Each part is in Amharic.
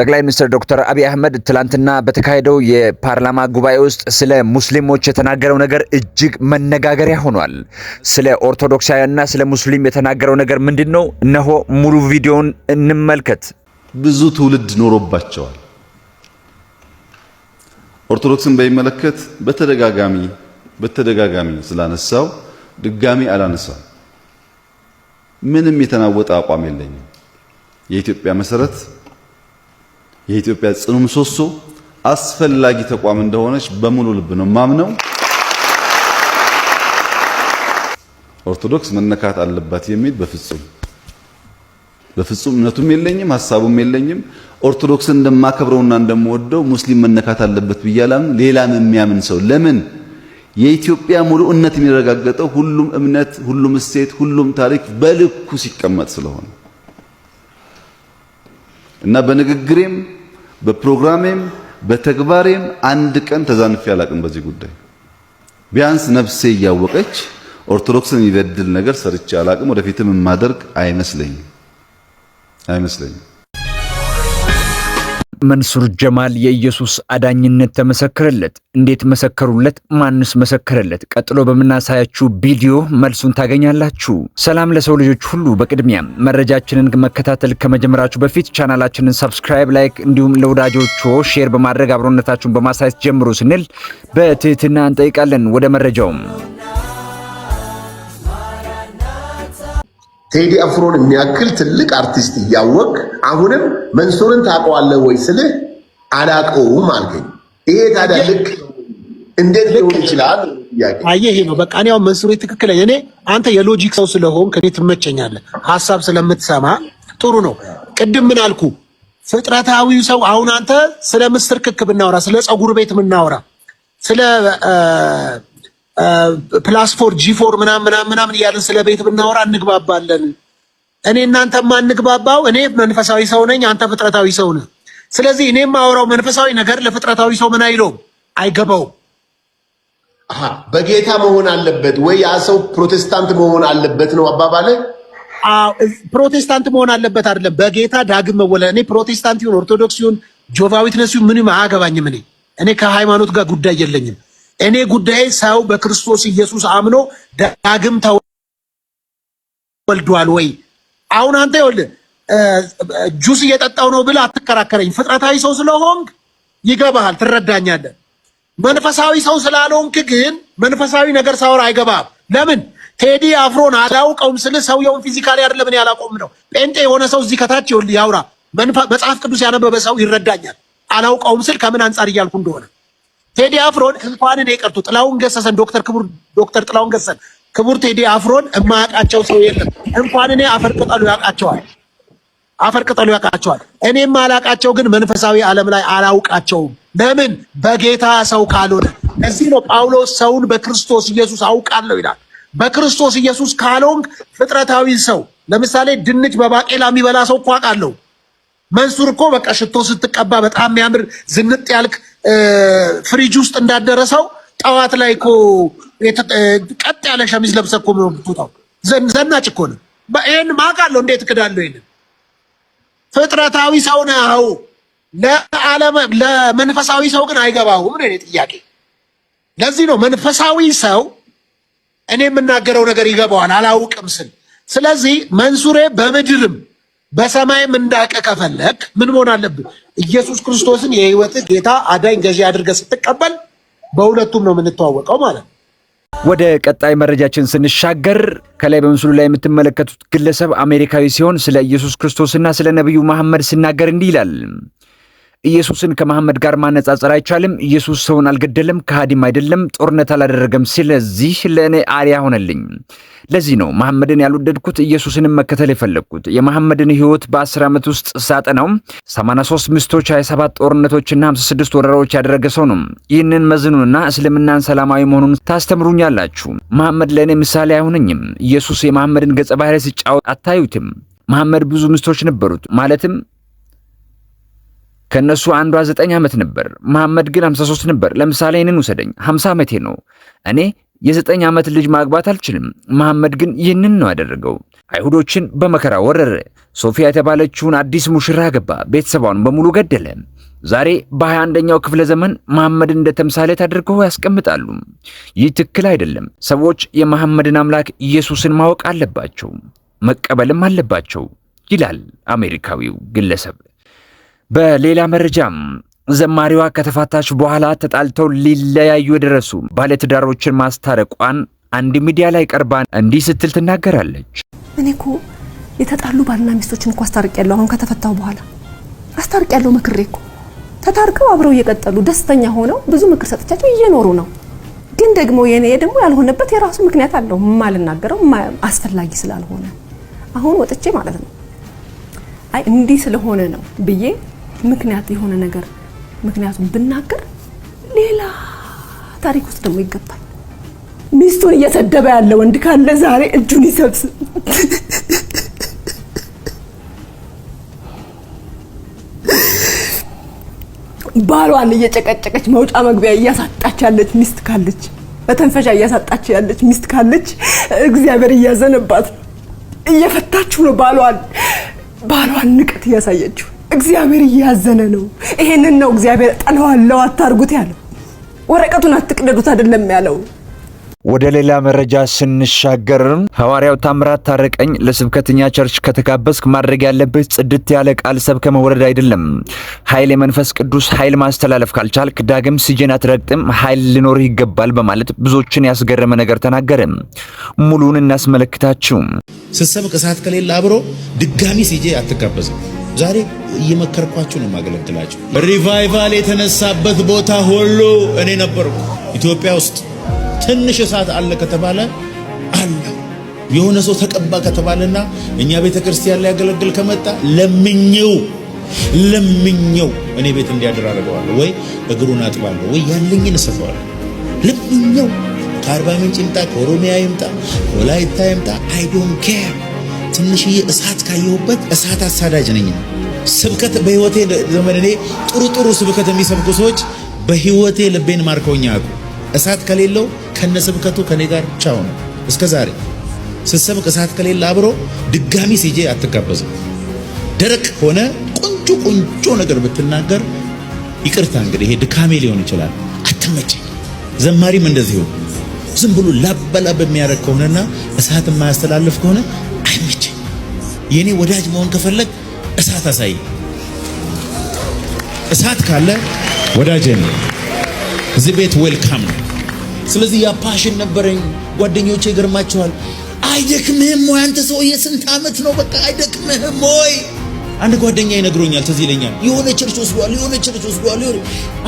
ጠቅላይ ሚኒስትር ዶክተር አብይ አህመድ ትላንትና በተካሄደው የፓርላማ ጉባኤ ውስጥ ስለ ሙስሊሞች የተናገረው ነገር እጅግ መነጋገሪያ ሆኗል። ስለ ኦርቶዶክሳውያንና ስለ ሙስሊም የተናገረው ነገር ምንድን ነው? እነሆ ሙሉ ቪዲዮውን እንመልከት። ብዙ ትውልድ ኖሮባቸዋል። ኦርቶዶክስን በሚመለከት በተደጋጋሚ በተደጋጋሚ ስላነሳው ድጋሚ አላነሳም። ምንም የተናወጠ አቋም የለኝም። የኢትዮጵያ መሰረት የኢትዮጵያ ጽኑ ምሰሶ አስፈላጊ ተቋም እንደሆነች በሙሉ ልብ ነው ማምነው። ኦርቶዶክስ መነካት አለባት የሚል በፍጹም በፍጹም እምነቱም የለኝም ሀሳቡም የለኝም። ኦርቶዶክስን እንደማከብረውና እንደምወደው ሙስሊም መነካት አለበት ብያላም ሌላም የሚያምን ሰው ለምን የኢትዮጵያ ሙሉእነት የሚረጋገጠው ሁሉም እምነት፣ ሁሉም እሴት፣ ሁሉም ታሪክ በልኩ ሲቀመጥ ስለሆነ እና በንግግሬም በፕሮግራሜም በተግባሬም አንድ ቀን ተዛንፌ አላቅም በዚህ ጉዳይ። ቢያንስ ነፍሴ እያወቀች ኦርቶዶክስን የሚበድል ነገር ሰርቼ አላቅም። ወደፊትም የማደርግ አይመስለኝም አይመስለኝም። መንሱር ጀማል የኢየሱስ አዳኝነት ተመሰከረለት። እንዴት መሰከሩለት? ማንስ መሰከረለት? ቀጥሎ በምናሳያችሁ ቪዲዮ መልሱን ታገኛላችሁ። ሰላም ለሰው ልጆች ሁሉ። በቅድሚያ መረጃችንን መከታተል ከመጀመራችሁ በፊት ቻናላችንን ሰብስክራይብ፣ ላይክ እንዲሁም ለወዳጆቹ ሼር በማድረግ አብሮነታችሁን በማሳየት ጀምሩ ስንል በትህትና እንጠይቃለን። ወደ መረጃውም ቴዲ አፍሮን የሚያክል ትልቅ አርቲስት እያወቅ አሁንም መንሱርን ታውቀዋለህ ወይ ስልህ አላውቀውም አልከኝ። ይሄ ታዲያ ልክ እንዴት ሊሆን ይችላል? አየህ ይሄ ነው በቃ እኔ መንሱር ትክክለኝ እኔ አንተ የሎጂክ ሰው ስለሆን ከኔ ትመቸኛለህ፣ ሀሳብ ስለምትሰማ ጥሩ ነው። ቅድም ምን አልኩ? ፍጥረታዊው ሰው አሁን አንተ ስለ ምስር ክክ ብናወራ ስለ ፀጉር ቤት ብናወራ ስለ ፕላስፎር ጂፎር ምናምን ምናምን ምናምን እያለን ስለ ቤት ብናወራ እንግባባለን። እኔ እናንተ ማንግባባው እኔ መንፈሳዊ ሰው ነኝ፣ አንተ ፍጥረታዊ ሰው ነህ። ስለዚህ እኔ የማወራው መንፈሳዊ ነገር ለፍጥረታዊ ሰው ምን አይለውም፣ አይገባውም። በጌታ መሆን አለበት ወይ ያ ሰው ፕሮቴስታንት መሆን አለበት ነው አባባለ። ፕሮቴስታንት መሆን አለበት አይደለም፣ በጌታ ዳግም መወለድ። እኔ ፕሮቴስታንት ይሁን ኦርቶዶክስ ይሁን ጆቫዊትነስ ይሁን ምንም አያገባኝም። እኔ እኔ ከሃይማኖት ጋር ጉዳይ የለኝም። እኔ ጉዳይ ሰው በክርስቶስ ኢየሱስ አምኖ ዳግም ተወልዷል ወይ? አሁን አንተ ይኸውልህ ጁስ እየጠጣው ነው ብለህ አትከራከረኝ። ፍጥረታዊ ሰው ስለሆንክ ይገባሃል፣ ትረዳኛለህ። መንፈሳዊ ሰው ስላልሆንክ ግን መንፈሳዊ ነገር ሳወራ አይገባም። ለምን ቴዲ አፍሮን አላውቀውም ስልህ ሰውየውን ፊዚካሊ አይደለም እኔ አላውቀውም ነው። ጴንጤ የሆነ ሰው እዚህ ከታች ይኸውልህ ያውራ፣ መጽሐፍ ቅዱስ ያነበበ ሰው ይረዳኛል። አላውቀውም ስል ከምን አንጻር እያልኩ እንደሆነ ቴዲ አፍሮን እንኳን እኔ ቀርቶ ጥላውን ገሰሰን ዶክተር ክቡር ዶክተር ጥላውን ገሰሰን ክቡር ቴዲ አፍሮን የማያውቃቸው ሰው የለም። እንኳን እኔ አፈርቅጠሉ ያውቃቸዋል፣ አፈርቅጠሉ ያውቃቸዋል። እኔም አላውቃቸው፣ ግን መንፈሳዊ ዓለም ላይ አላውቃቸውም። ለምን በጌታ ሰው ካልሆነ እዚህ ነው ጳውሎስ ሰውን በክርስቶስ ኢየሱስ አውቃለሁ ይላል። በክርስቶስ ኢየሱስ ካልሆንክ ፍጥረታዊ ሰው ለምሳሌ ድንች በባቄላ የሚበላ ሰው እኮ አውቃለሁ። መንሱር እኮ በቃ ሽቶ ስትቀባ በጣም የሚያምር ዝንጥ ያልክ ፍሪጅ ውስጥ እንዳደረሰው ጠዋት ላይ እኮ ቀጥ ያለ ሸሚዝ ለብሰ እኮ ምትወጣው ዘናጭ እኮ ነው። ይህን ማቃለው እንዴት እክዳለሁ? ይህንን ፍጥረታዊ ሰው ነው። ለመንፈሳዊ ሰው ግን አይገባውም ነው ጥያቄ። ለዚህ ነው መንፈሳዊ ሰው እኔ የምናገረው ነገር ይገባዋል አላውቅም ስል። ስለዚህ መንሱሬ በምድርም በሰማይም እንዳቀ ከፈለግ ምን መሆን አለብን? ኢየሱስ ክርስቶስን የህይወት ጌታ አዳኝ ገዢ አድርገህ ስትቀበል በሁለቱም ነው የምንተዋወቀው ማለት ነው። ወደ ቀጣይ መረጃችን ስንሻገር ከላይ በምስሉ ላይ የምትመለከቱት ግለሰብ አሜሪካዊ ሲሆን ስለ ኢየሱስ ክርስቶስና ስለ ነቢዩ መሐመድ ሲናገር እንዲህ ይላል። ኢየሱስን ከመሐመድ ጋር ማነጻጸር አይቻልም። ኢየሱስ ሰውን አልገደለም፣ ከሃዲም አይደለም፣ ጦርነት አላደረገም። ስለዚህ ለእኔ አሪያ ሆነልኝ። ለዚህ ነው መሐመድን ያልወደድኩት ኢየሱስንም መከተል የፈለግኩት። የመሐመድን ህይወት በአስር ዓመት ውስጥ ሳጠናው 83 ሚስቶች፣ 27 ጦርነቶችና 56 ወረራዎች ያደረገ ሰው ነው። ይህንን መዝኑንና እስልምናን ሰላማዊ መሆኑን ታስተምሩኛላችሁ። መሐመድ ለእኔ ምሳሌ አይሆነኝም። ኢየሱስ የመሐመድን ገጸ ባህሪ ሲጫወት አታዩትም። መሐመድ ብዙ ሚስቶች ነበሩት ማለትም ከእነሱ አንዷ ዘጠኝ ዓመት ነበር። መሐመድ ግን 53 ነበር። ለምሳሌ ይህንን ውሰደኝ፣ 50 ዓመቴ ነው። እኔ የዘጠኝ ዓመት ልጅ ማግባት አልችልም። መሐመድ ግን ይህንን ነው ያደረገው። አይሁዶችን በመከራ ወረረ። ሶፊያ የተባለችውን አዲስ ሙሽራ ገባ ቤተሰቧን በሙሉ ገደለ። ዛሬ በ21ኛው ክፍለ ዘመን መሐመድን እንደ ተምሳሌት አድርገው ያስቀምጣሉ። ይህ ትክክል አይደለም። ሰዎች የመሐመድን አምላክ ኢየሱስን ማወቅ አለባቸው፣ መቀበልም አለባቸው ይላል አሜሪካዊው ግለሰብ። በሌላ መረጃም ዘማሪዋ ከተፋታች በኋላ ተጣልተው ሊለያዩ የደረሱ ባለትዳሮችን ማስታረቋን አንድ ሚዲያ ላይ ቀርባ እንዲህ ስትል ትናገራለች። እኔ እኮ የተጣሉ ባልና ሚስቶችን እኮ ያለው አሁን ከተፈታው በኋላ አስታርቂያለሁ። መክሬ እኮ ተታርቀው አብረው እየቀጠሉ ደስተኛ ሆነው ብዙ ምክር ሰጥቻቸው እየኖሩ ነው። ግን ደግሞ የኔ ደግሞ ያልሆነበት የራሱ ምክንያት አለው። ማልናገረው አስፈላጊ ስላልሆነ አሁን ወጥቼ ማለት ነው አይ እንዲህ ስለሆነ ነው ብዬ ምክንያት የሆነ ነገር ምክንያቱም ብናገር ሌላ ታሪክ ውስጥ ደግሞ ይገባል። ሚስቱን እየሰደበ ያለ ወንድ ካለ ዛሬ እጁን ይሰብስብ። ባሏን እየጨቀጨቀች መውጫ መግቢያ እያሳጣች ያለች ሚስት ካለች፣ መተንፈሻ እያሳጣች ያለች ሚስት ካለች እግዚአብሔር እያዘነባት ነው። እየፈታችሁ ነው ባሏን ባሏን ንቀት እያሳየችው እግዚአብሔር እያዘነ ነው። ይሄንን ነው እግዚአብሔር ጠለዋለው አታርጉት ያለው። ወረቀቱን አትቅደዱት አይደለም ያለው። ወደ ሌላ መረጃ ስንሻገር ሐዋርያው ታምራት ታረቀኝ ለስብከተኛ ቸርች ከተጋበዝክ ማድረግ ያለብህ ጽድት ያለ ቃል ሰብከ መውረድ አይደለም። ኃይል የመንፈስ ቅዱስ ኃይል ማስተላለፍ ካልቻልክ ዳግም ስጄን አትረግጥም፣ ኃይል ሊኖርህ ይገባል በማለት ብዙዎችን ያስገረመ ነገር ተናገረ። ሙሉውን እናስመለክታችሁ። ስትሰብክ እሳት ከሌለ አብሮ ድጋሚ ስጄ አትጋበዝም ዛሬ እየመከርኳችሁ ነው ማገለግላችሁ። ሪቫይቫል የተነሳበት ቦታ ሁሉ እኔ ነበርኩ። ኢትዮጵያ ውስጥ ትንሽ እሳት አለ ከተባለ አለ የሆነ ሰው ተቀባ ከተባለና እኛ ቤተ ክርስቲያን ላይ ያገለግል ከመጣ ለምኘው ለምኘው እኔ ቤት እንዲያድር አደርገዋለሁ፣ ወይ እግሩን አጥባለሁ፣ ወይ ያለኝን እሰጠዋለሁ። ለምኘው ከአርባ ምንጭ ይምጣ፣ ከኦሮሚያ ይምጣ፣ ከወላይታ ይምጣ፣ አይ ዶንት ኬር ትንሽዬ እሳት ካየሁበት እሳት አሳዳጅ ነኝ። ስብከት በህይወቴ ዘመን እኔ ጥሩ ጥሩ ስብከት የሚሰብኩ ሰዎች በህይወቴ ልቤን ማርከውኛ ያውቁ። እሳት ከሌለው ከነ ስብከቱ ከኔ ጋር ብቻ ሆነ። እስከ ዛሬ ስትሰብክ እሳት ከሌለ አብሮ ድጋሚ ሲጄ አትጋበዝም። ደረቅ ሆነ ቆንጆ ቆንጆ ነገር ብትናገር ይቅርታ እንግዲህ ይሄ ድካሜ ሊሆን ይችላል፣ አትመቸኝ። ዘማሪም እንደዚሁ ዝም ብሎ ላበላ የሚያደርግ ከሆነና እሳት የማያስተላልፍ ከሆነ አይመ የኔ ወዳጅ መሆን ከፈለግ እሳት አሳይ። እሳት ካለ ወዳጅ ነው። እዚህ ቤት ዌልካም ነው። ስለዚህ ያ ፓሽን ነበረኝ። ጓደኞቼ ይገርማቸዋል። አይደክምህም ወይ አንተ ሰውዬ? ስንት ዓመት ነው በቃ አይደክምህም ወይ? አንድ ጓደኛ ይነግሮኛል፣ ትዝ ይለኛል። የሆነ ቸርች ወስዷል፣ የሆነ ቸርች ወስዷል።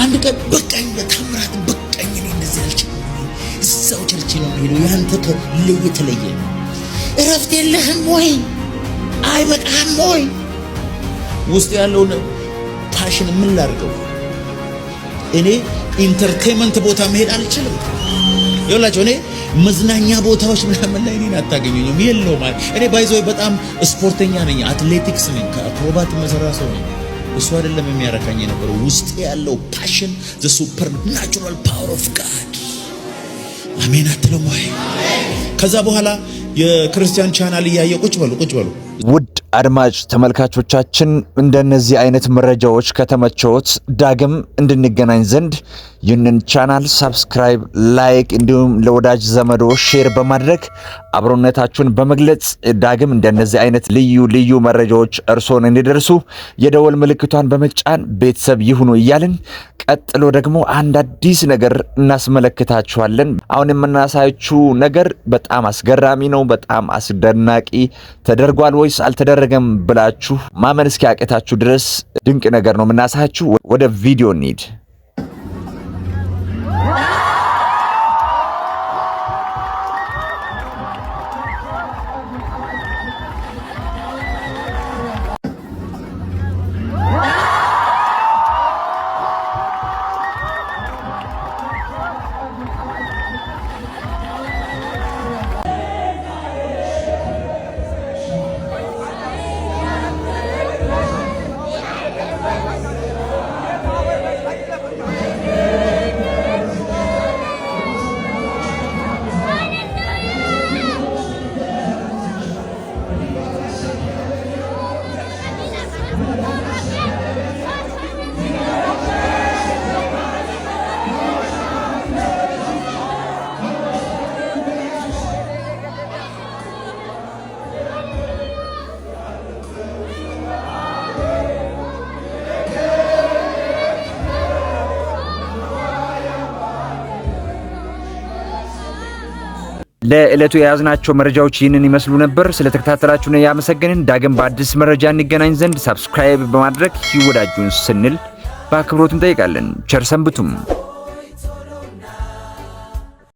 አንድ ቀን በቃኝ፣ በታምራት በቃኝ፣ እኔ እንደዚህ አልችልም። እዛው ቸርች ነው ሄደው፣ ያንተ ለየተለየ ነው። እረፍት የለህም ወይ? አይበቃም ወይ? ውስጥ ያለውን ፓሽን ምን ላድርገው? እኔ ኢንተርቴንመንት ቦታ መሄድ አልችልም። ይኸውላችሁ እኔ መዝናኛ ቦታዎች ምናምን ላይ እኔን አታገኙኝም። የለውም። እኔ ባይዘ በጣም ስፖርተኛ ነኝ፣ አትሌቲክስ ነኝ፣ ከአክሮባት መሰራ ሰው ነኝ። እሱ አይደለም የሚያረካኝ የነበረው ውስጥ ያለው ፓሽን፣ ዘ ሱፐር ናቹራል ፓወር ኦፍ ጋድ። አሜን አትለም ወይ? ከዛ በኋላ የክርስቲያን ቻናል እያየ ቁጭ በሉ ቁጭ በሉ። ውድ አድማጭ ተመልካቾቻችን እንደነዚህ አይነት መረጃዎች ከተመቸዎት ዳግም እንድንገናኝ ዘንድ ይህንን ቻናል ሳብስክራይብ፣ ላይክ እንዲሁም ለወዳጅ ዘመዶ ሼር በማድረግ አብሮነታችሁን በመግለጽ ዳግም እንደነዚህ አይነት ልዩ ልዩ መረጃዎች እርስዎን እንዲደርሱ የደወል ምልክቷን በመጫን ቤተሰብ ይሁኑ እያልን ቀጥሎ ደግሞ አንድ አዲስ ነገር እናስመለክታችኋለን። አሁን የምናሳያችሁ ነገር በጣም አስገራሚ ነው። በጣም አስደናቂ ተደርጓል ወይስ አልተደረገም ብላችሁ ማመን እስኪያቅታችሁ ድረስ ድንቅ ነገር ነው የምናሳያችሁ። ወደ ቪዲዮ እንሂድ። ለዕለቱ የያዝናቸው መረጃዎች ይህንን ይመስሉ ነበር። ስለተከታተላችሁን ያመሰገንን። ዳግም በአዲስ መረጃ እንገናኝ ዘንድ ሳብስክራይብ በማድረግ ይወዳጁን ስንል በአክብሮት እንጠይቃለን። ቸር ሰንብቱም።